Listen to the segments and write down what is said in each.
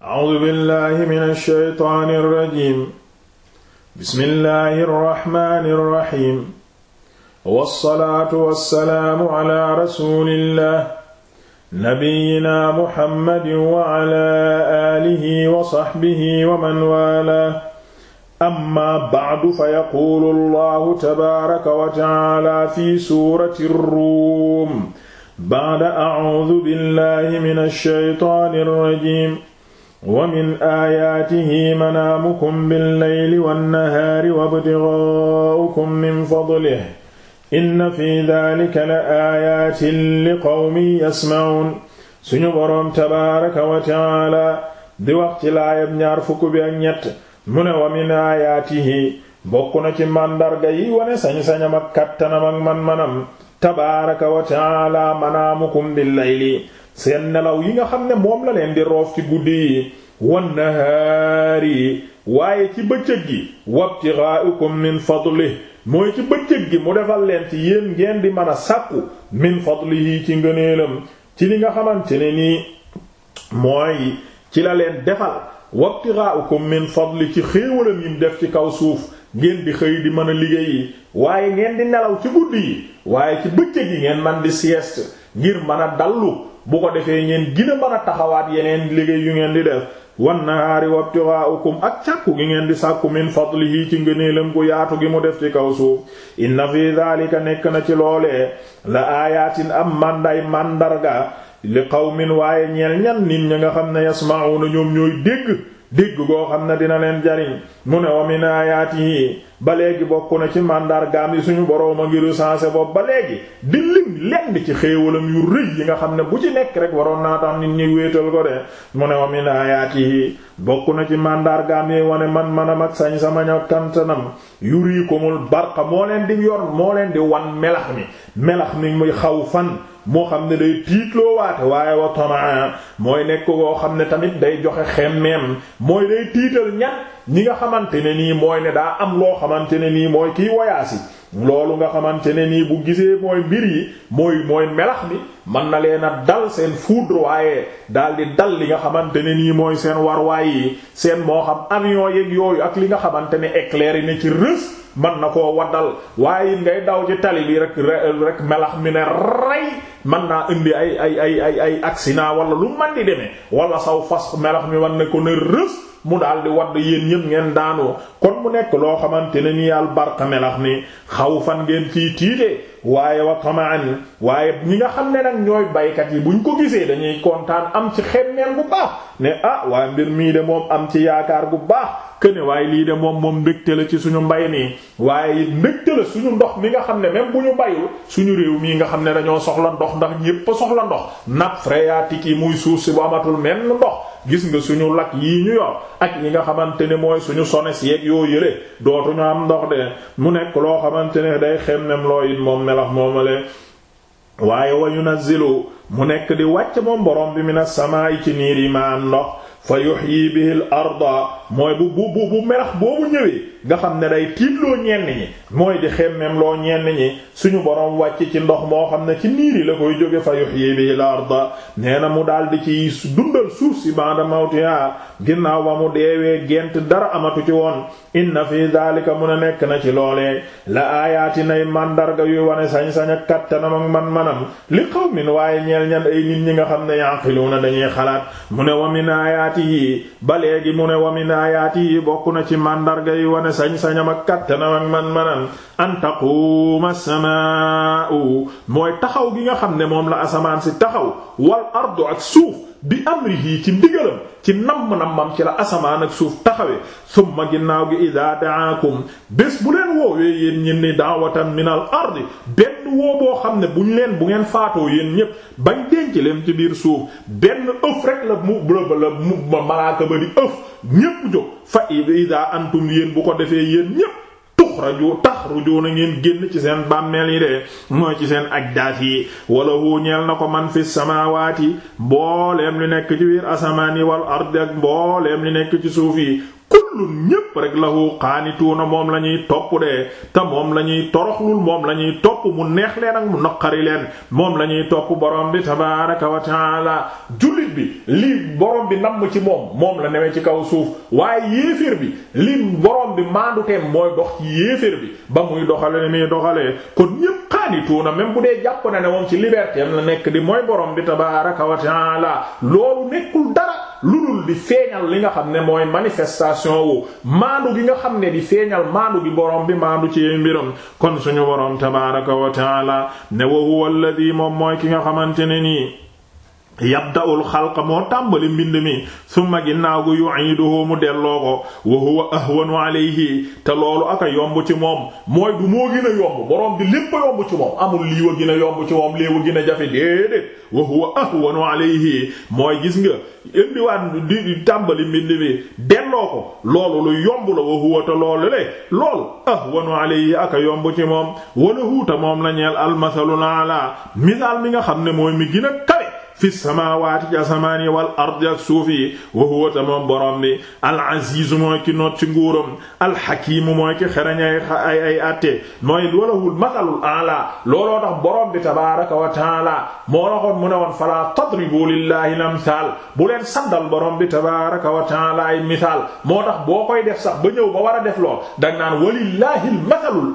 A'uuzu billaahi mina shaytaani rajiim. Bismillaahi rahmaani rahiim. Wassalaatu wassalaamu alaa rasuulillaah nabiyyinaa Muhammadin wa alaa aalihi wa sahbihi wa man waalaah. Ammaa ba'du fayaquulu Allaahu tabaaraka wa ta'aalaa fii suurati Ruum ba'da a'uuzu billaahi mina shaytaani rajiim. wa min aayaatihi manaamukum billayli wannahaari wabtighaa'ukum min fadlihi inna fi daalika la aayaatin li qawmin yasma'uun suñu boroom tabaaraka wa ta'aala di wax ci laayab ñaar bi ak ñett wa min aayaatihi bokk na ci màndarga yi wane sañ-sañam ak kàttanam ak man-manam tabaaraka wa ta'aala manaamukum billayli seen nelaw yi nga xam ne moom la leen di roof ci guddi yi wan nahaari yi waaye ci bëccëg gi ko min fadli mooy ci bëccëg gi mu defal leen ci yéen ngeen di mën a sàkku min fadlihi ci ngëneelam ci li nga xamante ne nii mooy ci la leen defal wabtigha'ukum min fadli ci xéewalam yim def ci kaw suuf ngeen di xëy di mën a liggéeyi waaye ngeen di nelaw ci guddi yi waaye ci bëccëg yi ngeen man di sieste ngir mën a dallu bu ko defee ngeen gën a a taxawaat yeneen liggéey yu ngeen di def wan nahaari wabtighaa'ukum ak càkku gi ngeen di sàkku min fadlihi ci ngëneelam gu yaatu gi mu def ci kaw suuf inna fi dhalika nekk na ci loolee la aayaatin am mànday màndarga li xaw qawmin waaye ñeel ñan nit ña nga xam ne yasma'una ñoom ñooy dégg digg goo xam ne dina leen jariñ mu ne wa min aayaatihi ba léegi bokk na ci màndargaam yi suñu boroom a ngi recensé bopp ba léegi di lim lenn ci xéewalam yu rëy yi nga xam ne bu ci nekk rek waroon naa tax nit ñi wéetal ko de mu ne wa min bokk na ci màndargaam yi wane man manam ak sañ sama ñaw tantanam yuriikumul barqa moo leen di yor moo leen di wan melax mi melax mi muy xaw fan moo xam ne day tiitloo waate waaye wa mooy nekk koo xam ne tamit day joxe xemmeem mooy day tiital ña ñi nga xamante ne nii mooy ne daa am loo xamante ne nii mooy kiy wayaasi loolu nga xamante ne nii bu gisee mooy mbir yi mooy mooy melax mi mën na leen a dal seen foudre waaye daal di dal li nga xamante ne nii mooy seen warwaay yi seen moo xam avion yeeg yooyu ak li nga xamante ne éclair yi ne ci rës man na koo waddal waaye it ngay daw ji tali bi rek rek melax mi ne rey man naa indi ay ay ay ay ay accident wala lu man di demee wala saw fas melax mi wan ne ko ne rës mu daal di wadd yéen ñëpp ngeen daanoo kon mu nekk loo xamante ne ni yàlla barka melax ni xaw fan ngeen fii tiitee waaye wa tamaan waaye ñi nga xam ne nag ñooy baykat yi buñ ko gisee dañuy kontaan am ci xemmeel bu baax ne ah waaye mbir mii de moom am ci yaakaar bu baax këne waaye lii de moom moom mbégte la ci suñu mbay nii waaye it mbégte la suñu ndox mi nga xam ne même bu ñu bayul suñu réew mii nga xam ne dañoo soxla ndox ndax ñépp soxla ndox nappe phréatique yi muy suuf si bu amatul menn ndox gis nga suñu lag yii ñu yor ak yi nga xamante ne mooy suñu sones yeeg yoo yële dootuñu am ndox de mu nekk loo xamante ne day xem nem loo it moom melax moomale waaye wa yunazzilu mu nekk di wàcc moom borom bi mina samaa'i ci niir yi ma am ndox fa yuhyi bihi al arda mooy bu bu bu melax boobu ñëwee nga xam ne day tiitloo ñenn ñi mooy di xemmem loo ñenn ñi suñu borom wàcc ci ndox moo xam ne ci niiri la koy jóge fa yuhyi bil nee na mu daal di ci dundal suuf si ba'da mawtiha ginnaaw ba mu deewee gent dara amatu ci woon inna fi daalika mun a nekk na ci loolee la aayaati nay màndarga yuy wane sañ-sañ ak kattanam ak man-manam li qawmin waaye ñeel ñan ay nit ñi nga xam ne na dañuy xalaat mu ne wa min aayaati yi ba léegi mu ne wa min aayaati na ci màndarga yuy ne sañ-sañam ak kàttanam ak man-manan an taquma samaa'u mooy taxaw gi nga xam ne moom la asamaan si taxaw wal ardu ak suuf bi amrihi ci ndigalam ci namm-nammam ci la asamaan ak suuf taxawee ma ginnaaw gi ida daakum bés bu leen woowee yéen ñen ni daawatan min ardi benn woo boo xam ne bu ñu leen bu ngeen faatoo yéen ñépp bañ denc leen ci biir suuf benn ëf rek la mu la mu malaaka ba di ëf ñépp jóg fa ida antum yéen bu ko defee yéen ñépp tuxraju taxruju na ngeen génn ci seen bàmmeel yi de mooy ci seen ajdaat yi wala hu na ko man fi yi mbooleem lu nekk ci biir asamaan yi wal ard ak mbooleem nekk ci suuf yi kullun ñépp rek lahu na moom la ñuy topp de te moom la ñuy toroxlul moom la ñuy topp mu neex leen ak mu naqari leen moom la ñuy topp borom bi tabaaraka wa la jullit bi lii borom bi namm ci moom moom la newee ci kaw suuf waaye yéeféer bi lii borom bi maanduteem mooy dox ci yéeféer bi ba muy doxale ni muy doxalee kon ñépp na même bu dee jàpp na ne moom ci liberté la nekk di mooy borom bi tabaaraka wa la loolu nekkul dara lu dul di feeñal li nga xam ne mooy manifestation wu maandu gi nga xam ne di feeñal maandu gi borom bi maandu ci mbiram kon suñu borom tabaaraka wa taala ne wa huwa alladhi moom mooy ki nga xamante ne nii yabda'ul xalqa moo tàmbali mbind mi su summa ginnaaw gu yu'iduhu mu delloo ko wa huwa ahwanu alayhi te loolu aka yomb ci moom mooy du moo gën a yomb borom bi lépp a yomb ci moom amul lii wa gën yomb ci moom lii wa gën a jafe déedéet wa huwa ahwanu alayhi mooy gis nga indiwaat di tàmbali mbind mi delloo ko loolu lu yomb la wa te loolu le loolu ahwanu alayhi aka yomb ci moom wala huuta moom la ñeel almasalul ala misaal mi nga xam ne mooy mi gën a fi samaawaati ci asamaan yi wal ardi ak wa huwa tamam borom bi mooy ki noot ci nguuram al hakiim mooy ki xereñ ay ay atte mooy walahul masalul ala looloo tax borom bi tabaaraka wa taala moo waxoon mu ne woon falaa tadribu bu leen saddal borom bi tabaaraka wa taala ay misaal moo tax boo koy def sax ba ñëw ba war a def lool dang walillahi al masalul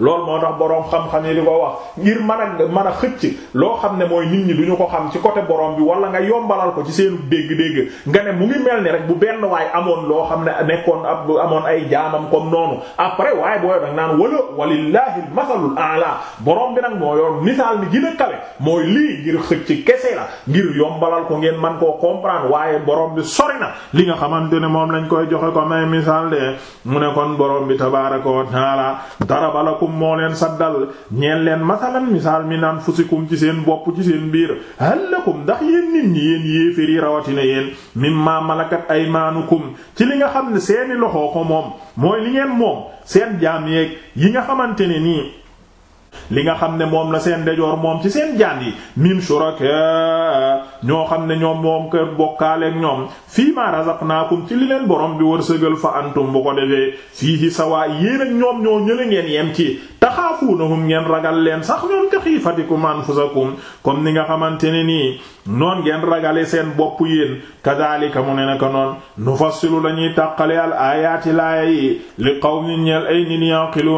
lool moo tax borom xam-xam yi di wax ngir mën a loo xam ne mooy nit ñi duñu ko xam ci ko côté borom bi wala nga yombalal ko ci seenu dégg-dégg nga ne mu ngi mel ni rek bu benn waay amoon loo xam ne nekkoon ab amoon ay jaamam comme noonu après waaye booy dag naan wala walillahi masalul ala borom bi nag moo yor misaal mi gën a kawe mooy lii ngir xëcc kese la ngir yombalal ko ngeen man koo comprendre waaye borom bi sori na li nga xamante ne moom lañ koy joxe ko may misaal de mu ne kon borom bi tabaaraka wa taala daraba lakum moo leen saddal ñeen leen masalan misaal mi naan fusikum ci seen bopp ci seen biir dinakum ndax yéen nit ñi yéen yéefér yi rawatina yéen mimma malakat ay aymaanukum ci li nga xam ne seeni loxo ko moom mooy li ngeen moom seen jaam yeeg yi nga xamante ne nii li nga xam ne moom la seen dejoor moom ci seen jaan yi min shuraka ñoo xam ne ñoom moom kër bokkaaleek ñoom fii ma razaqnaakum ci li leen borom bi wërsëgal fa antum bu ko defee fii ci sawaa yéen ñoom ñoo ñële ngeen yem ci taxshawunahum ngeen ragal leen sax ñoom ka xiifatikum anfusakum comme ni nga xamante ne nii noon ngeen ragale seen bopp yéen kadhalika mu ne naka noon nufassilu lañuy tàqale al aayaati laaya yi li qawmin ñeel ay nit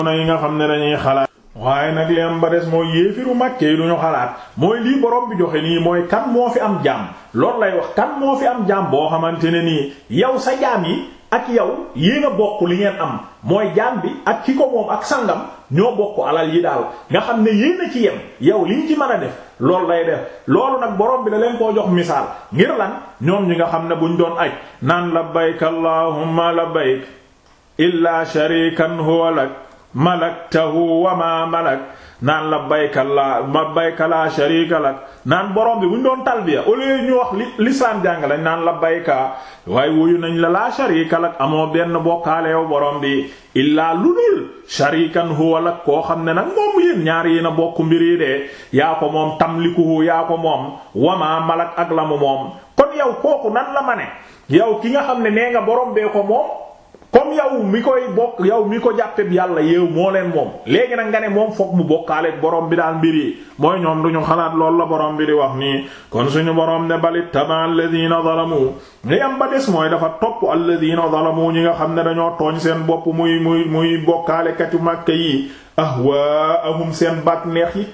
na yi nga xam ne dañuy xalaat waaye nag li am ba des mooy yéefiru màkke yi duñu xalaat mooy lii borom bi joxe nii mooy kan moo fi am jaam loolu lay wax kan moo fi am jaam boo xamante ne nii yow sa jaam yi ak yow yéen a bokk li ngeen am mooy jaam bi ak ki ko ak sangam ñoo bokk alal yi daal nga xam ne yéen a ci yem yow liñ ci mën a def loolu lay def loolu nag borom bi da leen koo jox misaal ngir lan ñoom ñi nga xam ne buñ doon aj naan labbayk allahumma labbayk illaa sharikan huwa lak malaktahu wa ma malak naan labbayka la labbayka la sharika lak naan borom bi bu ñu doon talbiya au lieu ñu wax li lislaam jàng lañ naan la bayka waaye wuyu nañ la la sharika lak amoo benn bokkaaleew borom bi illaa lu dul sharikan huwa lak koo xam ne nag moom yéen ñaar yi na bokk mbir yi de yaa ko moom tamlikuhu yaa ko moom wa malak ak la mu moom kon yow kooku nan la ma ne yow ki nga xam ne nee nga borom bee ko moom comme yow mi koy bokk yow mi ko jàppee yàlla yow moo leen moom léegi nag nga ne moom foog mu bokkaale borom bi daal mbir yi mooy ñoom duñu xalaat lool la borom bi di wax nii kon suñu borom ne balit taba alladina zalamu li am ba des mooy dafa topp alladina zalamu ñi nga xam ne dañoo tooñ seen bopp muy muy muy bokkaale katu màkk yi ahwaahum seen bàkneex yi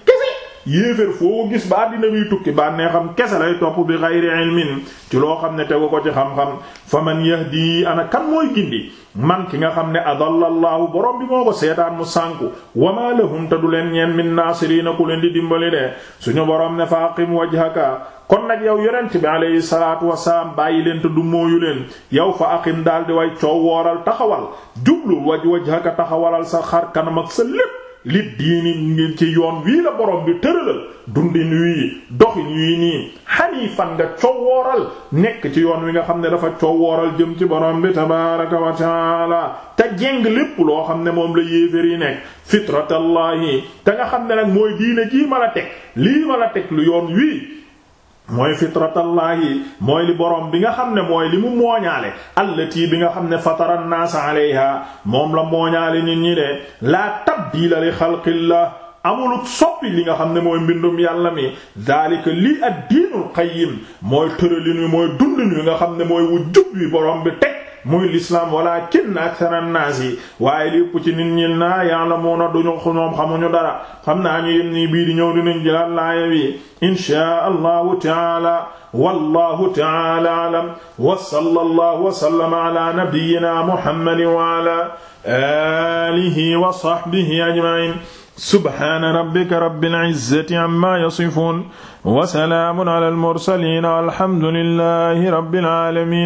yéeféer foo gis ba àddina biy tukki bànnee xam kese lay topp bi xayri ilmin ci loo xam ne tegu ko ci xam-xam fa man yahdi ana kan mooy gindi man ki nga xam ne adallallaahu borom bi moo ko seetaan mu sànku wama lahum te du leen ñeen min naasiriina ku leen di dimbali de suñu borom ne fa aqim wajhaka kon nag yow yonent bi alayhi salaatu wasalaam bàyyi leen te du mooyu leen yow fa aqim daal di way coow wooral taxawal jublu waj wajhaka taxawalal sa xar kanam li diini ngir ci yoon wii la borom bi tëralal dundin wii doxin wii nii fan nga coowooral nekk ci yoon wi nga xam ne dafa coowooral jëm ci borom bi tabaaraka wa taala te jeng lépp loo xam ne moom la yéeféer yi nekk fitratallahi te nga xam ne nag mooy diine jii ma la teg lii ma la teg lu yoon wii mooy fitratallaahi mooy li borom bi nga xam ne mooy li mu mooñaale allati bi nga xam ne fatara naasa alayha moom la mooñaale nit ñi de laa tabdiila li xalqillah amuluk soppi li nga xam ne mooy mbindum yàlla mi daalika lii ad-diinul qayyim mooy tëralin wi mooy dundin wi nga xam ne mooy wu wi borom bi teg muy l'islam walaakinna akthara an-naas yi waaye li ëpp ci nit ñi naa ya'lamuuna duñu ñoom xamuñu dara xam naa ñu yem nii bii di ñëw dinañ jëlaat laaya bi inshaa allahu taala wallahu taala a'lam wa sallallahu wa sallama ala nabiyyina muhammadin wa ala alihi wa sahbihi ajma'in subhaana rabbika rabbil izzati amma yasifuun wa salaamun ala al-mursaliin walhamdulillahi rabbil aalamiin